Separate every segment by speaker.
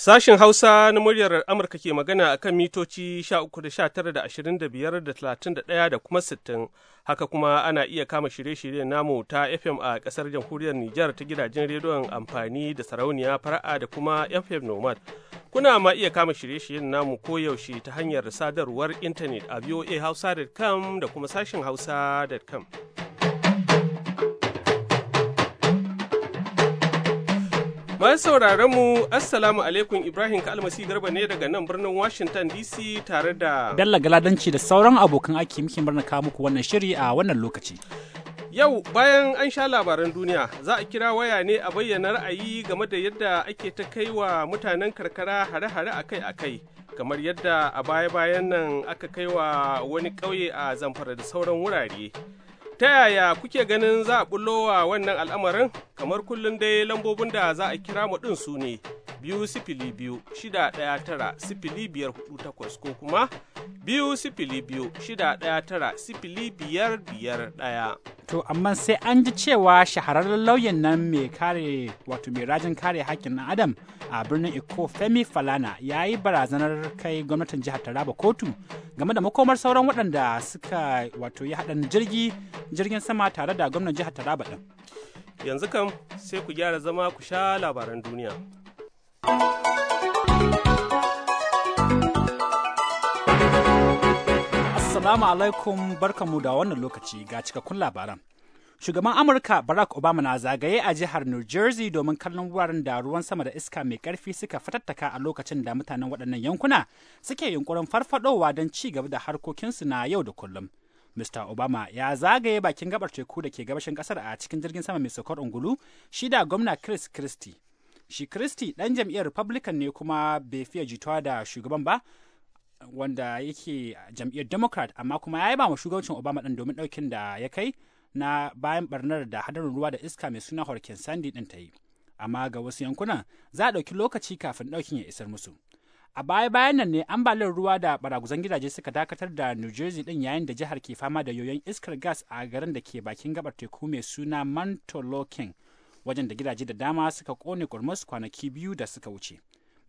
Speaker 1: Sashen Hausa na muryar Amurka ke magana a kan mitoci uku da tara da ashirin da kuma 60. Haka kuma ana iya kama shirye-shiryen namu ta FM a ƙasar jamhuriyar Nijar ta gidajen rediyon amfani da sarauniya fara'a da kuma FM Nomad. Kuna ma iya kama shirye-shiryen namu koyaushe ta hanyar sadarwar intanet a voahausa.com da kuma sashen hausa.com. Masu sauraron mu Assalamu alaikum Ibrahim Kalmasi Garba ne daga nan birnin Washington DC tare da Bello
Speaker 2: Galadanci da sauran abokan aiki muke murna kawo muku wannan shiri a wannan lokaci.
Speaker 1: Yau bayan an sha labaran duniya za a kira waya ne a bayyana ra'ayi game da yadda ake ta kai wa mutanen karkara hare-hare akai-akai kamar yadda a baya-bayan nan aka kai wa wani ƙauye a zamfara da sauran wurare. ta yaya kuke ganin za a bullowa wannan al'amarin kamar kullum dai lambobin da za a kira mu ɗin su ne biyu sifili biyu shida ɗaya tara sifili biyar hudu takwas ko kuma biyu sifili biyu shida ɗaya tara sifili biyar biyar
Speaker 2: ɗaya. To amma sai an ji cewa shahararren lauyan nan mai kare wato mai rajin kare hakkin ɗan adam a birnin Eko Femi Falana ya yi barazanar kai gwamnatin jihar Taraba kotu game da makomar sauran waɗanda suka wato ya haɗa jirgi jirgin sama tare da gwamnan jihar Taraba ɗin.
Speaker 1: Yanzu kam sai ku gyara zama ku sha
Speaker 2: labaran duniya. Assalamu alaikum mu da wannan lokaci ga cikakkun labaran. Shugaban Amurka Barack Obama na zagaye a jihar New Jersey domin kallon wuraren da ruwan sama da iska mai karfi suka fatattaka a lokacin da mutanen waɗannan yankuna suke yunkurin farfadowa don ci gaba da harkokinsu na yau da kullum. Mr. Obama ya zagaye bakin gabar teku da ke gabashin kasar a cikin jirgin sama mai saukar ungulu shi da gwamna Chris Christie. Shi Christie ɗan jam'iyyar Republican ne kuma bai fiye jituwa da shugaban ba, wanda yake jam'iyyar democrat amma kuma ya yi ba shugabancin obama ɗin domin ɗaukin da ya kai na bayan barnar da hadarin ruwa da iska mai suna horken sandy ɗin ta yi amma ga wasu yankunan za a ɗauki lokaci kafin ɗaukin ya isar musu a baya bayan nan ne ambaliyar ruwa da baraguzan gidaje suka dakatar da new jersey ɗin yayin da jihar ke fama da yoyon iskar gas a garin da ke bakin gabar teku mai suna mantolokin wajen da gidaje da dama suka kone kurmus kwanaki biyu da suka wuce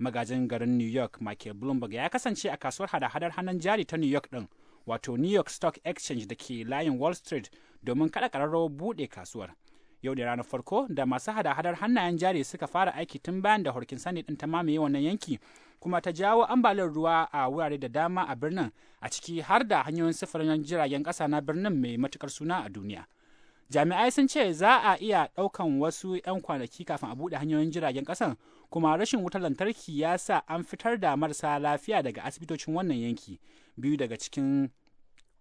Speaker 2: magajin garin new york michael bloomberg ya kasance a kasuwar hada-hadar hannun jari ta new york ɗin, wato new york stock exchange da ke layin wall street domin kada ƙararro buɗe kasuwar yau da ranar farko da masu hada-hadar hannayen jari suka fara aiki tun bayan da horkin sani ɗin ta mamaye wannan yanki kuma ta jawo ambaliyar ruwa a wurare da dama a birnin a ciki har da hanyoyin sufurin jiragen ƙasa na birnin mai matukar suna a duniya jami'ai sun ce za a iya ɗaukan wasu 'yan kwanaki kafin a buɗe hanyoyin jiragen ƙasan kuma rashin wutar lantarki ya sa an fitar da marasa lafiya daga asibitocin wannan yanki biyu daga cikin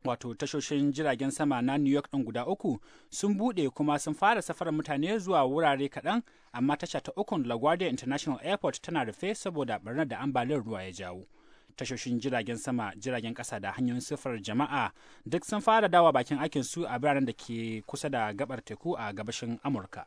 Speaker 2: wato tashoshin jiragen sama na new york din guda uku sun bude kuma sun fara safarar mutane zuwa wurare kaɗan amma tasha ta ukun laguardia international airport tana rufe saboda barnar da ambaliyar ruwa ya jawo tashoshin jiragen sama jiragen ƙasa da hanyoyin sufar jama'a duk sun fara dawa bakin aikin su a biranen da ke kusa da gabar teku a gabashin amurka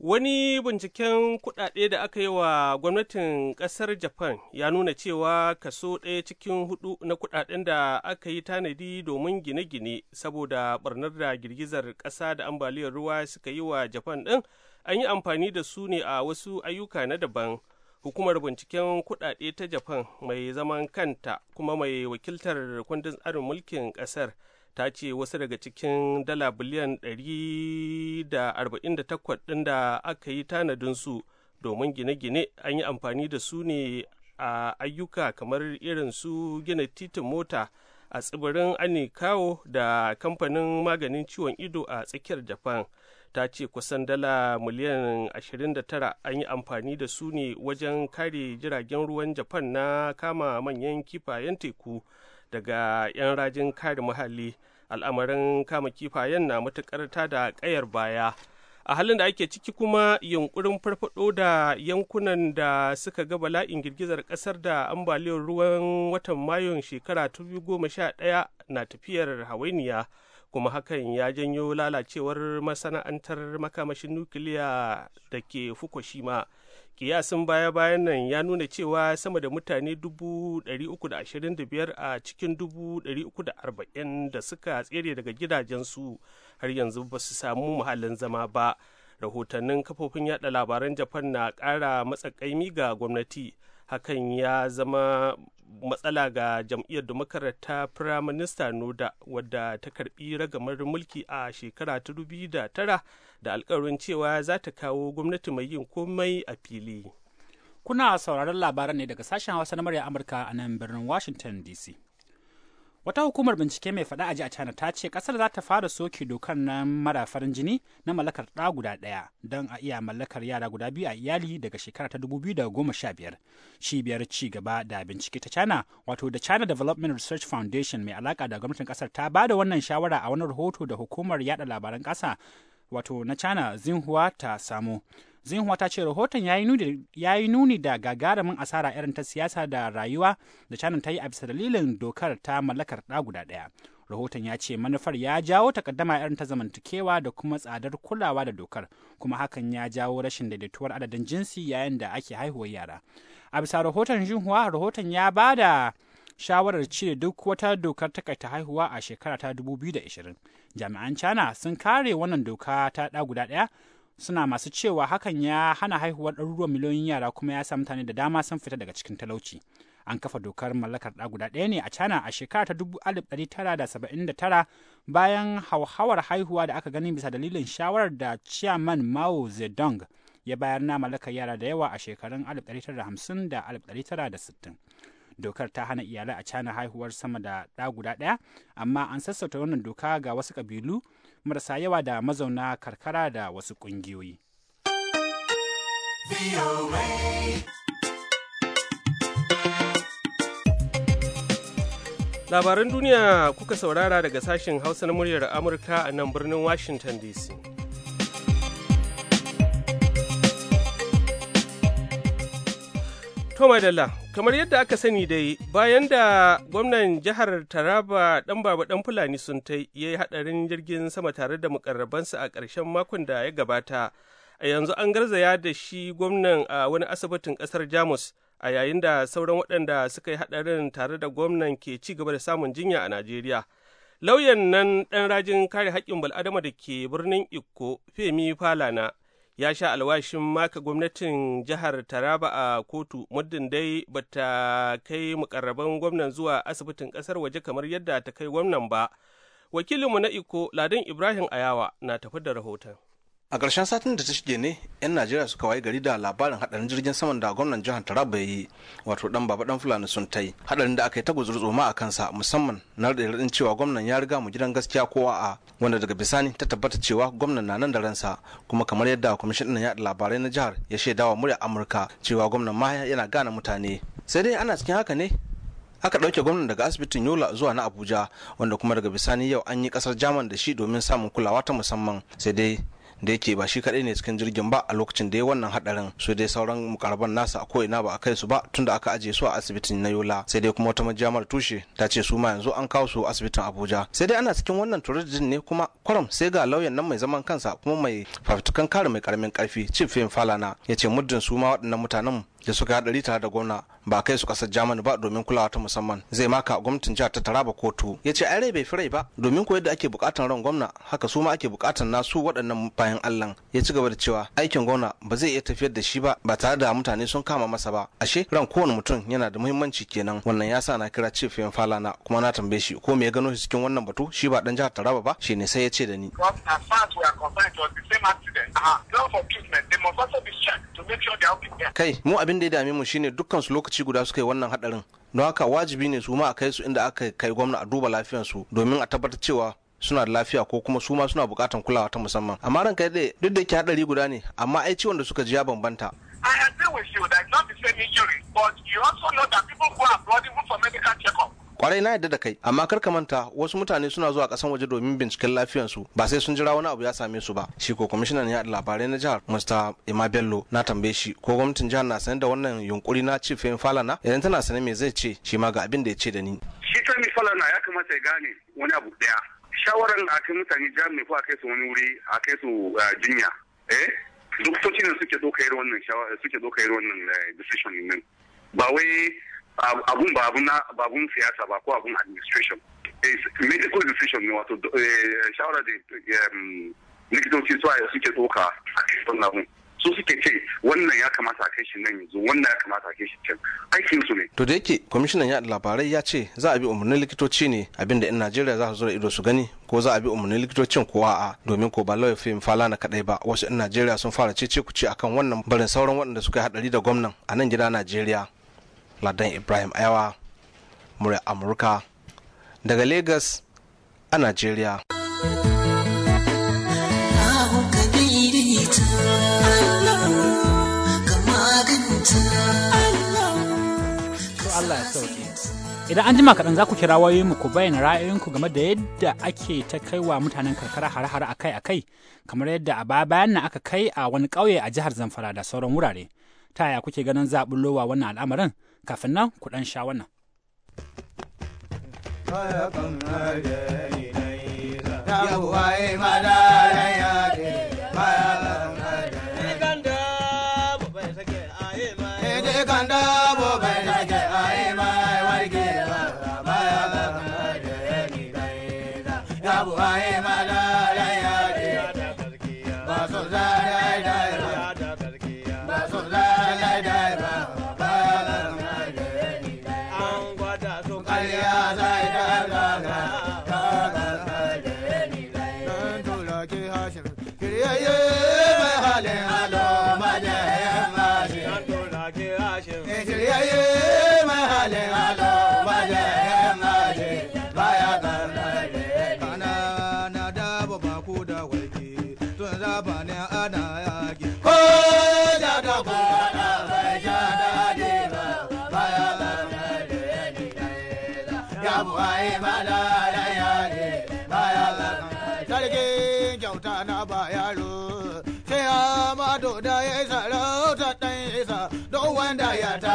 Speaker 2: Wani
Speaker 1: binciken kuɗaɗe da aka yi wa gwamnatin ƙasar Japan ya nuna cewa kaso ɗaya cikin hudu na kuɗaɗen da aka yi tanadi domin gine-gine saboda ɓarnar da girgizar ƙasa da ambaliyar ruwa suka yi wa Japan ɗin an yi amfani da su ne a wasu ayyuka na daban. Hukumar binciken kuɗaɗe ta Japan mai zaman kanta kuma mai wakiltar kundin tsarin mulkin ƙasar ta ce wasu daga cikin dala biliyan 148 ɗin da aka yi tanadin su domin gine-gine an yi amfani da su ne a ayyuka kamar irin su gina titin mota a tsibirin anikawo da kamfanin maganin ciwon ido a tsakiyar japan ta ce kusan dala miliyan 29 an yi amfani da su ne wajen kare jiragen ruwan japan na kama manyan kifayen teku daga 'yan rajin kare muhalli al'amarin kama kifayen na matuƙar da ƙayar baya a halin da ake ciki kuma yunkurin farfado da yankunan da suka ga bala'in girgizar ƙasar da ambaliyar ruwan watan mayun shekara ɗaya na tafiyar hawainiya kuma hakan ya janyo lalacewar masana'antar makamashin nukiliya da ke fukushima kiyasin baya-bayan nan ya nuna cewa sama da mutane 325 a cikin 340 da suka tsere daga gidajensu har yanzu ba su samu muhallin zama ba rahotannin kafofin yada labaran japan na kara matsakaimi ga gwamnati hakan ya zama matsala ga jam'iyyar demokrat ta firaminista noda wadda ta karbi ragamar mulki a shekara ta 2009 da alkawarin cewa za ta kawo gwamnati mai
Speaker 2: yin komai a fili. Kuna sauraron labaran ne daga sashen Hausa na murya Amurka a nan birnin Washington DC. Wata hukumar bincike mai faɗa aji a China ta ce kasar za ta fara soke dokar na mara farin jini na mallakar ɗa guda ɗaya don a iya mallakar yara guda biyu a iyali daga shekara ta 2015. Cibiyar ci gaba da bincike ta China, wato da China Development Research Foundation mai alaka da gwamnatin kasar ta ba da wannan shawara a wani rahoto da hukumar yada labaran ƙasa wato na China Xinhua ta samu. Xinhua ta ce rahoton ya yi nuni da gagarumin asara irin ta siyasa da rayuwa da China ta yi a bisa dalilin dokar ta mallakar ɗa guda ɗaya. rahoton ya ce manufar ya jawo takaddama irin ta zamantakewa da kuma tsadar kulawa da dokar kuma hakan ya jawo rashin daidaituwar adadin jinsi yayin da ake haihuwar yara a bisa rahoton jinhuwa rahoton ya bada. shawarar cire duk wata dokar takaita haihuwa a shekara ta 2020. Jami'an China sun kare wannan doka ta ɗa guda ɗaya suna masu cewa hakan ya hana haihuwar ɗaruruwan miliyoyin yara kuma ya sa mutane da dama sun fita daga cikin talauci. An kafa dokar mallakar ɗa guda ɗaya ne a China a shekara ta 1979 bayan hauhawar haihuwa da aka gani bisa dalilin shawarar da Chairman Mao Zedong ya bayar na mallakar yara da yawa a shekarun 1950 da dokar ta hana iyalai a cana haihuwar sama da ɗa guda ɗaya amma an sassauta wannan doka ga wasu ƙabilu marasa yawa da mazauna karkara da wasu ƙungiyoyi.
Speaker 1: Labaran duniya kuka saurara daga sashen Hausa na muryar Amurka a nan birnin Washington DC. To Madalla, kamar yadda aka sani dai bayan da gwamnan jihar Taraba ɗan baba ɗan Fulani sun ta ya yi haɗarin jirgin sama tare da mukarrabansa a ƙarshen makon da ya gabata. A yanzu an garzaya da shi gwamnan a wani asibitin ƙasar Jamus a yayin da sauran waɗanda suka yi haɗarin tare da gwamnan ke ci gaba da samun jinya a Najeriya. Lauyan nan ɗan rajin kare haƙƙin bal'adama da ke birnin Ikko Femi Falana ya sha alwashin maka gwamnatin jihar Taraba a kotu muddin dai bata kai mukarraban gwamnan zuwa asibitin kasar waje kamar yadda ta kai gwamnan ba. Wakilinmu na Iko Ladan Ibrahim Ayawa na tafi da rahoton.
Speaker 3: a ƙarshen satin da ta shige ne 'yan najeriya suka waye gari da labarin hadarin jirgin saman da gwamnan jihar taraba yi wato dan baba dan fulani sun tai hadarin da aka yi ta ma a kansa musamman na raɗin cewa gwamnan ya riga mu gidan gaskiya ko a wanda daga bisani ta tabbata cewa gwamnan na nan da ransa kuma kamar yadda kwamishinan yaɗa labarai na jihar ya shaidawa murya amurka cewa gwamnan ma yana gane mutane sai dai ana cikin haka ne aka ɗauke gwamnan daga asibitin yola zuwa na abuja wanda kuma daga bisani yau an yi ƙasar jaman da shi domin samun kulawa ta musamman sai dai da yake ba shi kadai ne cikin jirgin ba a lokacin da ya wannan hadarin su dai sauran mukarban nasa a ko'ina ba a kai su ba tunda aka aje su a asibitin na yola sai dai kuma wata majamar tushe ta ce su ma yanzu an kawo su asibitin abuja sai dai ana cikin wannan turijin ne kuma kwaram sai ga lauyan nan mai zaman kansa kuma mai fafitukan kare mai karamin karfi chief fala na ya ce muddin su ma waɗannan mutanen da suka haɗari rita da gwamna ba kai su ƙasar jamani ba domin kulawa ta musamman zai maka gwamnatin jihar ta Taraba kotu ya ce ai rai bai rai ba domin ko yadda ake bukatan ran gwamna haka su ma ake buƙatar nasu waɗannan bayan Allah ya ci gaba da cewa aikin gwamna ba zai iya tafiyar da shi ba ba tare da mutane sun kama masa ba ashe ran kowane mutum yana da muhimmanci kenan wannan ya sa na kira chief yan falana kuma na tambaye shi ko me ya gano shi cikin wannan batu shi ba dan jihar Taraba ba shi ne sai ya ce da ni uh-huh. kai mu abin abin da ya dame mu shine dukkan su lokaci guda suka yi wannan hadarin don haka wajibi ne su ma a kai su inda aka kai gwamna a duba su domin a tabbatar cewa suna da lafiya ko kuma su ma suna bukatan kulawa ta musamman amma kai dai duk da yake hadari guda ne amma ai ciwon da suka ji ya bambanta
Speaker 4: I agree with you that it's not the same injury, but you also know that people go abroad even for
Speaker 3: medical check-up. kwarai na yadda da kai amma kar ka manta wasu mutane suna zuwa kasan waje domin binciken su ba sai sun jira wani abu ya same su ba shi ko kwamishinan yaɗa labarai na jihar mr ima bello na tambaye shi ko gwamnatin jihar na sanar da wannan yunkuri na cifin falana idan tana sanar me zai ce shi ma ga abin da ya ce da ni
Speaker 5: shi femi falana ya kamata ya gane wani abu daya Shawaran a kai mutane jihar ne ko a kai su wani wuri a kai su eh, jinya eh duk ne suke dokayar wannan suke wannan eh, decision din ba wai abun ba
Speaker 6: abun siyasa ba ko abun administration eh, medical decision ne wato eh, shawara da likitoci su a suke doka a kan abun su suke ce wannan ya kamata a kai shi nan yanzu wannan ya kamata a kai shi can aikin su ne
Speaker 3: to da yake kwamishinan yaɗa labarai ya ce za a bi umarnin likitoci ne abinda in Najeriya za su zo da ido su gani ko za a bi umarnin likitocin ko a'a domin ko ba lawyer fim fala na kadai ba wasu in Najeriya sun fara ce ku ce akan wannan barin sauran waɗanda suka yi hadari da gwamnan a nan gida Najeriya ladan ibrahim ayawa murya amurka daga lagos a nigeria
Speaker 2: Idan an jima kaɗan za ku kira wayoyinmu ku bayyana ra'ayoyinku game da yadda ake ta kai wa mutanen karkara hare-hare akai-akai kamar yadda a baya bayan nan aka kai a wani ƙauye a jihar Zamfara da sauran wurare. Ta yaya kuke ganin zaɓin lowa wannan al'amarin? kafin nan ku ɗan sha wannan.
Speaker 7: Yawwa ya dɔgɔ wanda yata.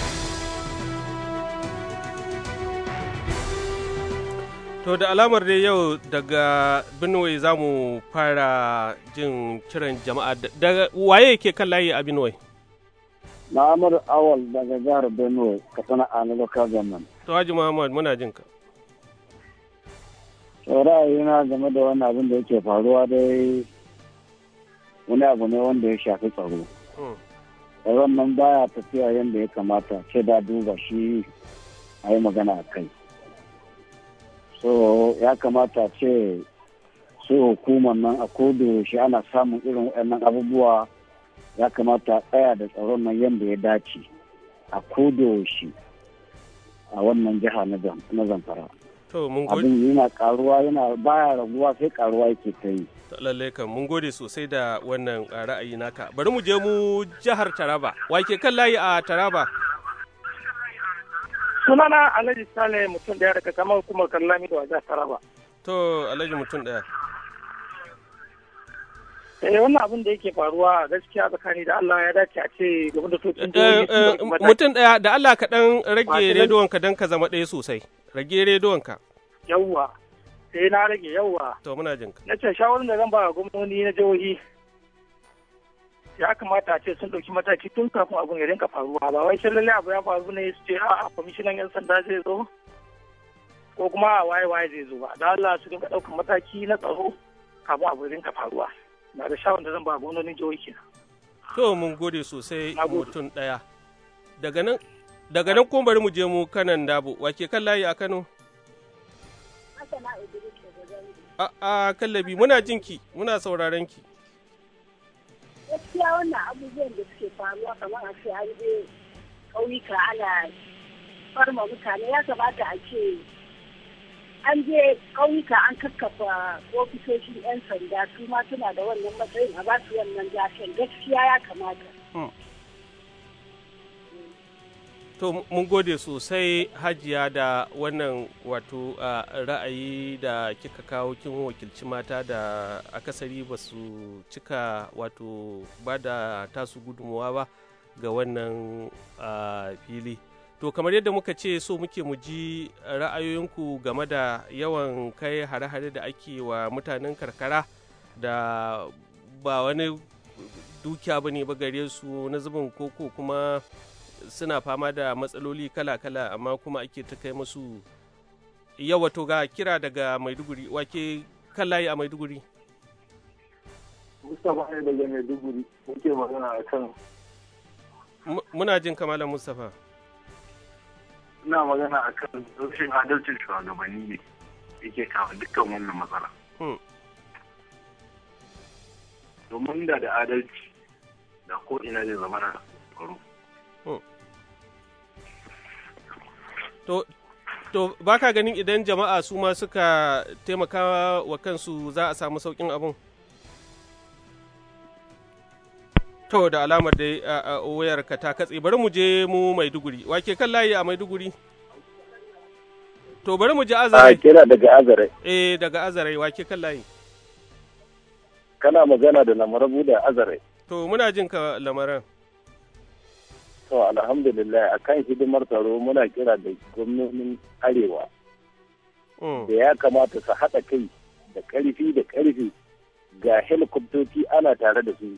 Speaker 1: To da alamar dai yau daga Benue za mu fara jin kiran jama'a daga waye ke kan layi a Benue?
Speaker 5: Muhammad Awal daga jihar Benue, Katsina a na local government.
Speaker 1: To Haji Muhammad muna jin ka.
Speaker 5: To ra'ayina game da wannan abin da yake faruwa dai wani abu ne wanda ya shafi tsaro. Hmm. Tsaron nan baya tafiya yadda ya kamata, ce da duba shi a yi magana a kai. so ya kamata ce su hukumar nan a yaushe ana samun irin waɗannan abubuwa ya kamata tsaya da tsaron nan yadda ya dace a yaushe a wannan jiha na zamfara abin yana karuwa yana baya raguwa sai karuwa yake ta yi
Speaker 1: lalle mun gode sosai da wannan ra'ayi naka bari mu je mu jihar taraba wake kan layi a taraba
Speaker 5: sunana alhaji sale mutum daya daga kamar hukumar kallami da wajen taraba
Speaker 1: to alhaji mutum daya eh
Speaker 5: wannan abin da yake faruwa gaskiya tsakani da Allah ya dace a ce game da tutun eh, eh, mutum
Speaker 1: daya da Allah ka dan rage rediyon ka dan ka zama ɗaya sosai rage rediyon ka
Speaker 5: yawwa sai na rage yawwa to muna jinka nace shawarar da zan ba gwamnati na jihohi ya kamata a ce sun ɗauki mataki tun kafin abun ya rinka faruwa ba wai sai lallai abu ya faru ne su ce a kwamishinan yan sanda zai zo ko kuma a waye waye zai zo ba da Allah su rinka ɗaukar mataki na tsaro kafin abu ya rinka faruwa na da shawar da zan ba gononin jihohi kenan.
Speaker 1: to mun gode sosai mutum ɗaya daga nan daga nan kuma bari mu je mu kanan dabo wake kan layi a Kano. a kallabi muna jinki muna sauraron ki.
Speaker 2: gaskiya wannan abubuwan da suke
Speaker 4: faruwa kamar a ce an je ƙauyuka ana farma mutane ya kamata
Speaker 2: a ce an je ƙauyuka an kakkafa ofisoshin 'yan sanda su ma suna da wannan matsayin a basu wannan gashin gaskiya ya kamata.
Speaker 1: Hmm. to mun gode sosai hajiya da wannan wato ra'ayi da kika kawo kin wakilci mata da akasari ba su cika wato ba da tasu gudunmuwa ba ga wannan fili to kamar yadda muka ce so muke mu ji ra'ayoyinku game da yawan kai hare-hare da ake wa mutanen karkara da ba wani dukiya ba ne ba gare su na zubin koko kuma suna fama da matsaloli kala-kala amma kuma ake ta kai musu yawa to ga kira daga maiduguri wake kan layi a maiduguri
Speaker 5: mustapha ne daga maiduguri wake magana a kan
Speaker 1: muna jin kamalan mustapha
Speaker 5: ina magana a kan rashin adalcin shugabanni ne yake kawo dukkan wannan matsala hmm. domin da da adalci da ko ina zai zama na
Speaker 1: tsaro To, to ba ka ganin idan jama'a su ma suka taimaka wa kansu za a samu sauƙin abin? To, da alamar dai a wayarka ta katse, bari mu je mu Maiduguri. Wake kan layi a Maiduguri? To, bari mu je Azare. A ah, kira
Speaker 5: daga Azare.
Speaker 1: Eh, daga Azare, wake kan layi. Kana magana da lamarabu da Azare. To, muna jin ka lamaran.
Speaker 5: To alhamdulillah akan hidimar tsaro muna kira da gwamnonin arewa. Oh. Da ya kamata su haɗa kai da ƙarfi da ƙarfi ga helikoptoci ana tare da su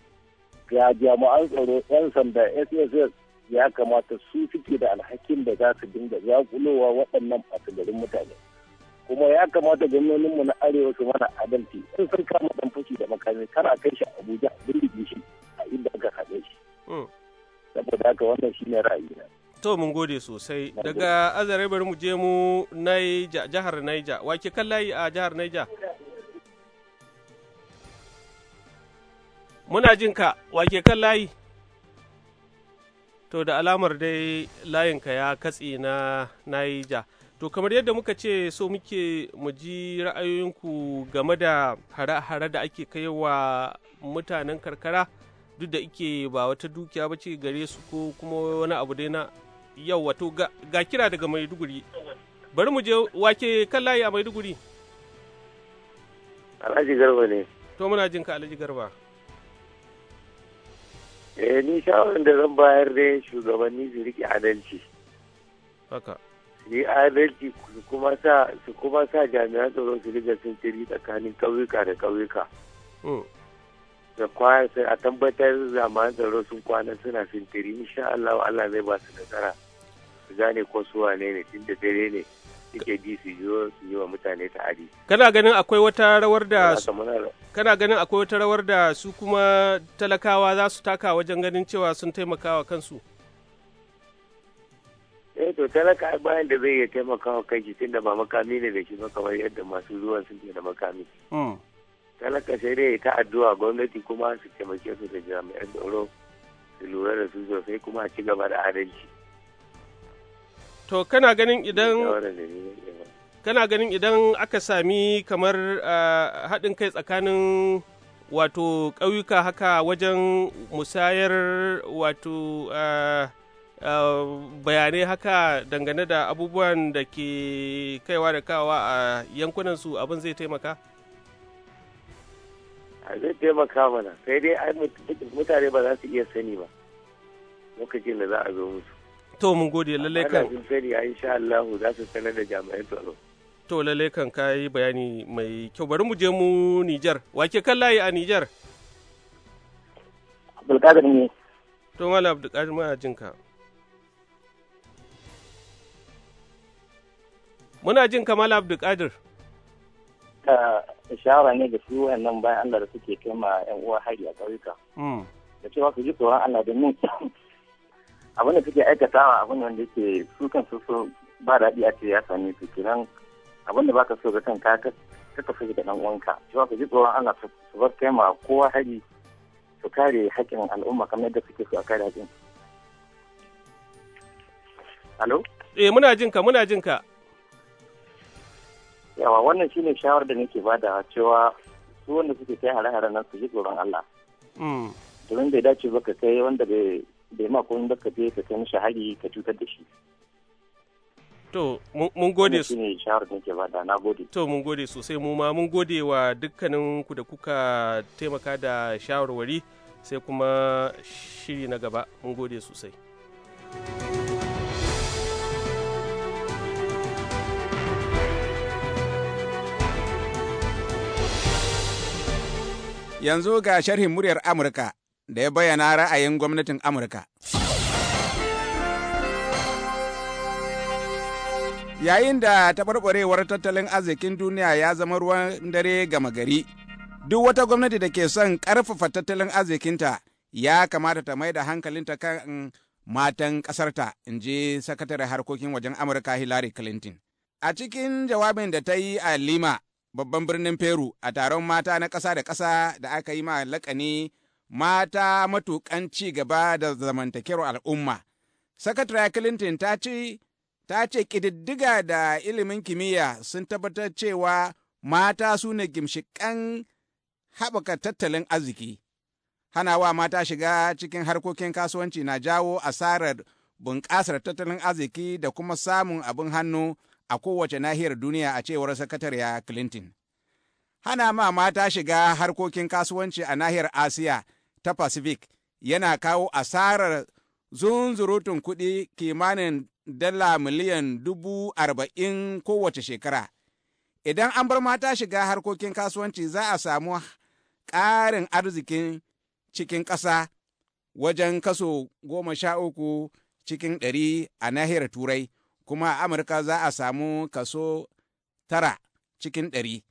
Speaker 5: ga jami'an tsaro 'yan sanda sss ya kamata su suke da alhakin da za su dinga zakulowa waɗannan garin mutane kuma ya kamata gwamnoninmu na arewa su mana adalci sun sun kama dan fushi da makami kana kai shi abuja a birgin shi a inda aka haɗe shi oh. saboda haka wannan shine ra'ayina
Speaker 1: to mun gode sosai daga azare bari mu je mu naija jihar naija wake kan layi a jihar naija muna jin ka wake kan layi to da alamar dai layinka ya katse na naija to kamar yadda muka ce so muke mu ji ra'ayoyinku game da hare-hare da ake kaiwa mutanen karkara duk da ike ba wata dukiya ba ce gare su ko kuma wani abu dai na yau wato ga kira daga maiduguri bari mu je wake kan layi a maiduguri
Speaker 7: alhaji garba
Speaker 1: ne to muna jin ka alhaji garba
Speaker 5: eh ni shawarar da zan bayar da shugabanni su riƙe adalci haka yi adalci kuma sa su kuma sa jami'an tsaro su riga sun tsiri tsakanin ƙauyuka da ƙauyuka hmm. da kwana a tabbatar zaman tsaro sun kwana suna sintiri insha Allah Allah zai ba su nasara su gane ko su wane ne tun da dare ne suke bi su yi su yi wa mutane ta'adi
Speaker 1: kana ganin akwai wata rawar da kana ganin akwai wata rawar da su kuma talakawa za su taka wajen ganin cewa sun taimaka wa kansu
Speaker 5: eh to talaka bayan da zai iya taimaka wa kanshi tunda ba makami ne da shi ba kamar yadda masu zuwan sun da makami hmm. talaka sai dai ta addu'a gwamnati kuma su taimake su da jami'an tsaro su lura da su sosai kuma a ci gaba da adalci
Speaker 1: to kana ganin idan kana ganin idan aka sami kamar ah, haɗin kai tsakanin wato ƙauyuka haka wajen musayar wato ah, ah, bayanai haka dangane da abubuwan da ke kaiwa da kawa a yankunansu abin zai taimaka?
Speaker 5: a zai taimaka mana sai dai mutane ba za su iya sani ba lokacin da za a zo musu
Speaker 1: to mun gode lallai kan sun
Speaker 5: sani a insha Allah za su sanar da jami'an tsaro
Speaker 1: to lallai kan kai bayani mai kyau bari mu je mu Niger wake kan layi a Niger
Speaker 5: Abdulkadir ne
Speaker 1: to mala Abdulkadir muna jin ka muna jin ka mala Abdulkadir
Speaker 5: ta shawara ne da su nan bayan Allah da suke kai ma yan uwa hari a ƙauyuka. Mm. Da cewa su ji tsoron Allah ni abin da suke aikatawa abin wanda yake su kan su so ba daɗi a ce ya same su kenan abin da baka so ga kanka ka ka fi da ɗan uwanka cewa ka ji tsoron Allah su bar kai ma kowa hari su kare haƙƙin al'umma kamar yadda suke so a kare haƙƙin.
Speaker 1: Alo? Eh muna jinka muna jinka.
Speaker 5: yawa wannan shine shawar da nake bada cewa su wanda suke kai hare-hare nan su ji tsoron Allah mm. domin bai dace ba ka kai wanda bai ma komai ba ka je ka kai mishi hari ka cutar da shi
Speaker 1: To, mun gode su. ne shawar da nake bada, na gode. To, mun gode sosai mu ma mun gode wa dukkanin ku da kuka taimaka da shawarwari sai kuma shiri na gaba. Mun gode sosai. thank you
Speaker 6: Yanzu ga sharhin muryar Amurka da ya bayyana ra'ayin gwamnatin Amurka. Yayin da taɓarɓarewar tattalin arzikin duniya ya zama ruwan dare gama gari, duk wata gwamnati da ke son ƙarfafa tattalin arzikinta ya kamata ta mai da hankalinta kan matan ƙasarta, in ji sakatare harkokin wajen Amurka Hillary Clinton. A cikin jawabin da ta yi a Lima, babban birnin Peru a taron mata na ƙasa da ƙasa da aka yi ma laƙani mata matuƙan ci gaba da zamantakewar al'umma. Sakatariya Clinton ta ce ta ce ƙididdiga da ilimin kimiyya sun tabbatar cewa mata su ne gimshiƙan haɓaka tattalin arziki. wa mata shiga cikin harkokin kasuwanci na jawo asarar bunƙasar tattalin arziki da kuma samun abin hannu a kowace nahiyar duniya a cewar sakatariya Clinton. Hana ma mata shiga harkokin kasuwanci a nahiyar Asiya ta Pacific yana kawo asarar zunzurutun kuɗi kimanin dala miliyan dubu arba'in kowace shekara. Idan an bar mata shiga harkokin kasuwanci za a samu ƙarin arzikin cikin ƙasa wajen kaso goma sha uku cikin ɗari a nahiyar Turai. kuma a Amurka za a samu kaso tara cikin ɗari.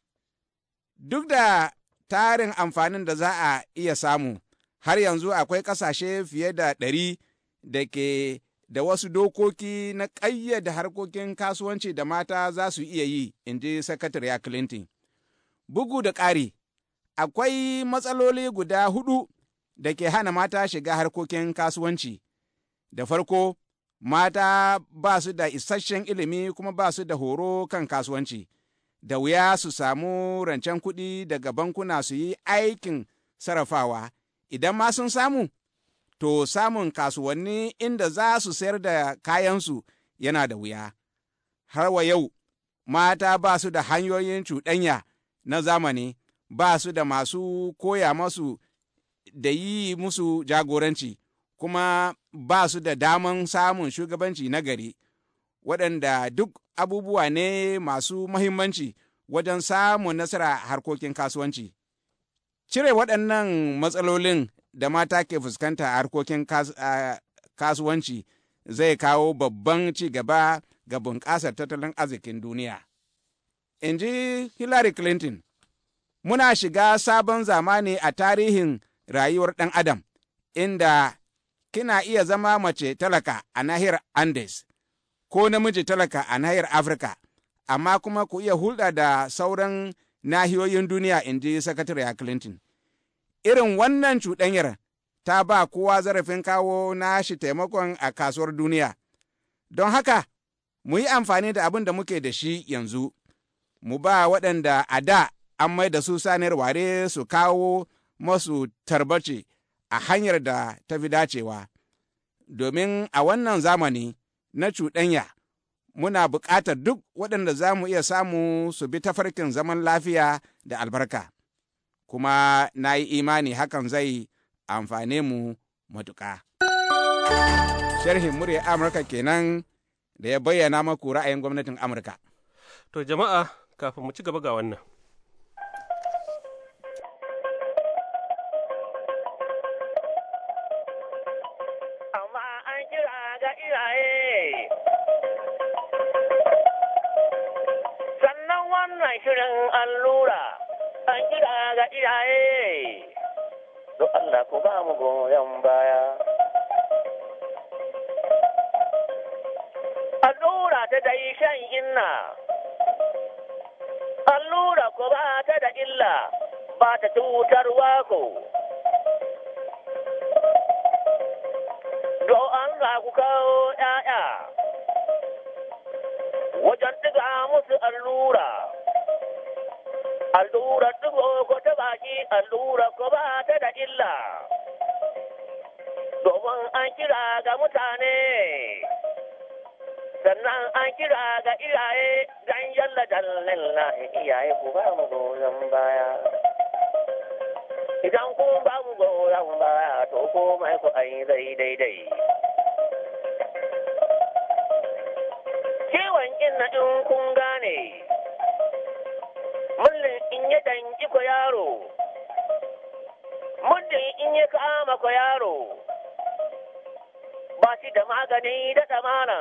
Speaker 6: Duk da tarin amfanin da za a iya samu, har yanzu akwai ƙasashe fiye da ɗari da ke da wasu dokoki na ƙayyada harkokin kasuwanci da mata za su iya yi, in ji Sakatariya Clinton. Bugu da ƙari, akwai matsaloli guda hudu da ke hana mata shiga harkokin kasuwanci. Da farko, mata ba su da isasshen ilimi kuma ba su da horo kan kasuwanci da wuya su samu rancen kuɗi daga bankuna su yi aikin sarrafawa idan ma sun samu to samun kasuwanni inda za su sayar da kayansu yana da wuya har wa yau mata ba su da hanyoyin cuɗanya na zamani ba su da masu koya masu da yi musu jagoranci kuma ba su da daman samun shugabanci na gari waɗanda duk abubuwa ne masu mahimmanci wajen samun nasara harkokin kasuwanci cire waɗannan matsalolin da mata ke fuskanta a harkokin kasuwanci zai kawo babban ci gaba ga bunƙasar tattalin arzikin duniya in ji hillary clinton muna shiga sabon zamani a tarihin rayuwar ɗan adam inda kina iya zama mace talaka a nahiyar Andes ko namiji talaka a nahiyar Afirka, amma kuma ku iya hulɗa da sauran nahiyoyin duniya in ji sakatariya Clinton. Irin wannan cuɗanyar ta ba kowa zarafin kawo nashi taimakon a kasuwar duniya. Don haka, mu yi amfani da abin da muke da shi yanzu, mu ba waɗanda a da an mai da su sanar ware su kawo masu tarbace a hanyar da ta fi dacewa, domin a wannan zamani na cuɗanya muna buƙatar duk waɗanda za mu iya samu su bi tafarkin zaman lafiya da albarka, kuma na yi imani hakan zai amfane mu matuƙa. Sharhin murya Amurka kenan da ya bayyana maku ra'ayin gwamnatin Amurka.
Speaker 1: To jama'a kafin mu ci gaba ga wannan.
Speaker 4: tutar wako Do an ga ku kawo ‘ya'ya wajen ɗiga musu allura allura dubo ko ta baki allura ko ba ta da illa domin an kira ga mutane sannan an kira ga iyaye don yalla dallin na iyaye ku ba mu goyon baya idan kuma babu mu ba to komai ku an yi zai daidai ciwon kin na in kun gane mullin in ya danki ko yaro muddin in ya kama ko yaro ba shi da magani da tsamana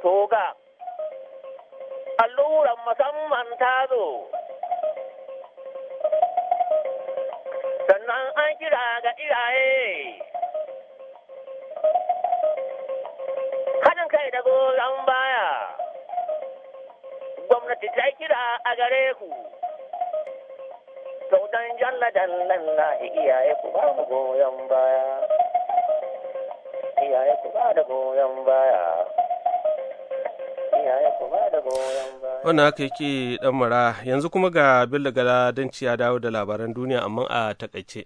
Speaker 4: to ga alluran musamman ta zo kira ga iyaye haɗin kai da goyon baya gwamnati ta kira a gare ku da goyon
Speaker 5: baya
Speaker 1: wannan yake ɗan mara yanzu kuma ga bello galadanci ya dawo da labaran duniya amma a takaice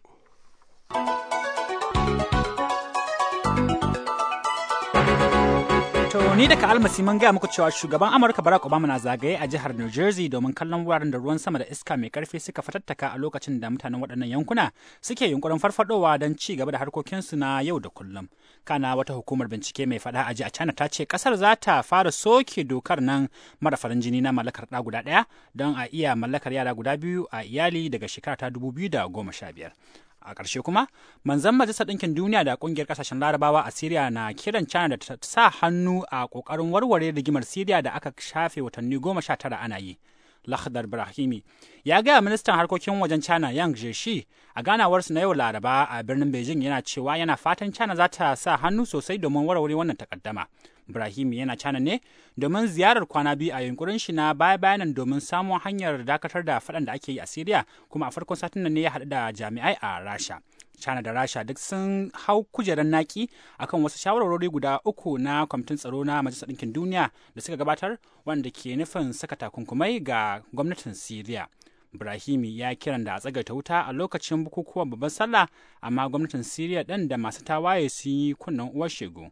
Speaker 2: To ni daga almasi mun gaya muku cewa shugaban Amurka Barack Obama na zagaye a jihar New Jersey domin kallon wuraren da ruwan sama da iska mai karfi suka fatattaka a lokacin da mutanen waɗannan yankuna suke yunkurin farfadowa don ci gaba da harkokinsu na yau da kullum. Kana wata hukumar bincike mai faɗa aji a China ta ce kasar za ta fara soke dokar nan mara farin jini na mallakar ɗa guda ɗaya don a iya mallakar yara guda biyu a iyali daga shekara ta biyar. a ƙarshe kuma manzan majalisar ɗinkin duniya da ƙungiyar ƙasashen larabawa a siriya na kiran china da ta sa hannu a ƙoƙarin warware rigimar siriya da aka shafe watanni goma sha tara ana yi lahdar Brahimi ya gaya ministan harkokin wajen China Yang jeshi a ganawarsu na yau Laraba a birnin Beijing yana cewa yana fatan China za ta sa hannu sosai domin warware wannan takaddama. Ibrahim yana cana ne domin ziyarar kwana biyu a yunkurin shi na baya bayanan domin samun hanyar dakatar da faɗan da ake yi a Siriya kuma a farkon satin ne ya haɗu da jami'ai a Rasha. China da Rasha duk sun hau kujerar naki akan wasu shawarwari guda uku na kwamitin tsaro na Majalisar Ɗinkin Duniya da suka gabatar wanda ke nufin saka takunkumai ga gwamnatin Siriya. Ibrahimi ya kiran da a tsagaita wuta a lokacin bukukuwan babban sallah amma gwamnatin Siriya ɗin da masu tawaye sun yi kunnen uwar shegu.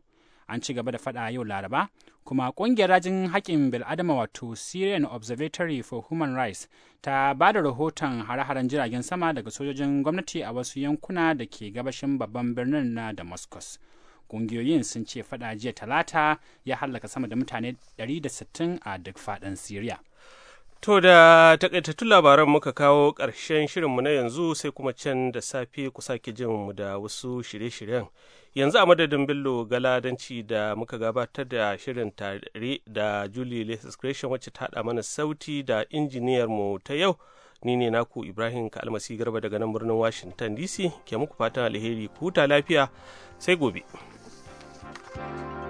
Speaker 2: an ci gaba da faɗa yau laraba kuma ƙungiyar rajin haƙƙin bil'adama wato syrian observatory for human rights ta ba da rahoton hare-haren jiragen sama daga sojojin gwamnati a wasu yankuna da ke gabashin babban birnin na damascus ƙungiyoyin sun ce fada jiya talata ya hallaka sama da mutane 160 a duk faɗin syria
Speaker 1: To da takaitattun labaran muka kawo ƙarshen shirinmu na yanzu sai kuma can da safe ku sake jin mu da wasu shirye-shiryen. yanzu a madadin bello galadanci da muka gabatar da shirin tare da julie lesis creation wacce ta haɗa mana sauti da injiniyar mu ta yau ni ne naku ibrahim kalmasi garba daga nan birnin washington dc ke muku fatan alheri ku huta lafiya sai gobe thank you